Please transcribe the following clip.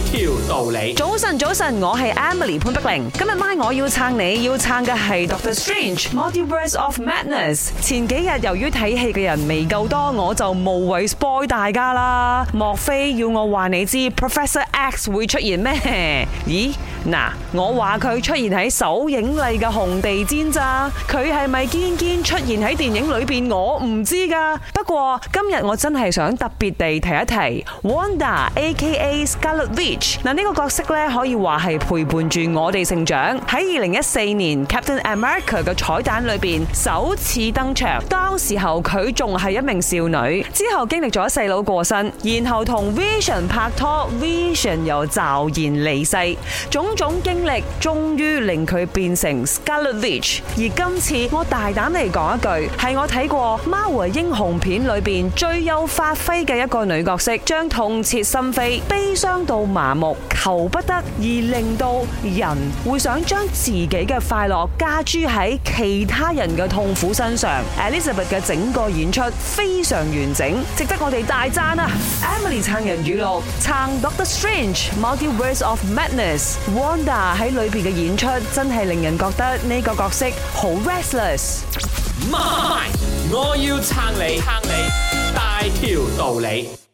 條道理。早晨，早晨，我係 Emily 潘碧玲。今日晚我要撐你，要撐嘅係 Doctor Strange，Multiverse of Madness。前幾日由於睇戲嘅人未夠多，我就無謂 spoil 大家啦。莫非要我話你知 Professor X 會出現咩？咦，嗱，我話佢出現喺首映禮嘅紅地毯咋，佢係咪堅堅出現喺電影裏邊？我唔知噶。不過今日我真係想特別地提一提 Wanda AKA Scarlet。嗱，呢個角色咧，可以話係陪伴住我哋成長在。喺二零一四年 Captain America 嘅彩蛋裏邊首次登場，當時候佢仲係一名少女。之後經歷咗細佬過身，然後同 Vision 拍拖，Vision 又驟然離世，種種經歷終於令佢變成 Scarlet Witch。而今次我大膽嚟講一句，係我睇過漫威英雄片裏邊最有發揮嘅一個女角色，將痛徹心扉、悲傷到。麻木求不得，而令到人會想將自己嘅快樂加諸喺其他人嘅痛苦身上。Elizabeth 嘅整個演出非常完整，值得我哋大讚啊！Emily 撐人語錄，撐 Doctor Strange，Multiverse of Madness。Wanda 喺裏邊嘅演出真係令人覺得呢個角色好 restless。我要撐你，撐你，大條道理。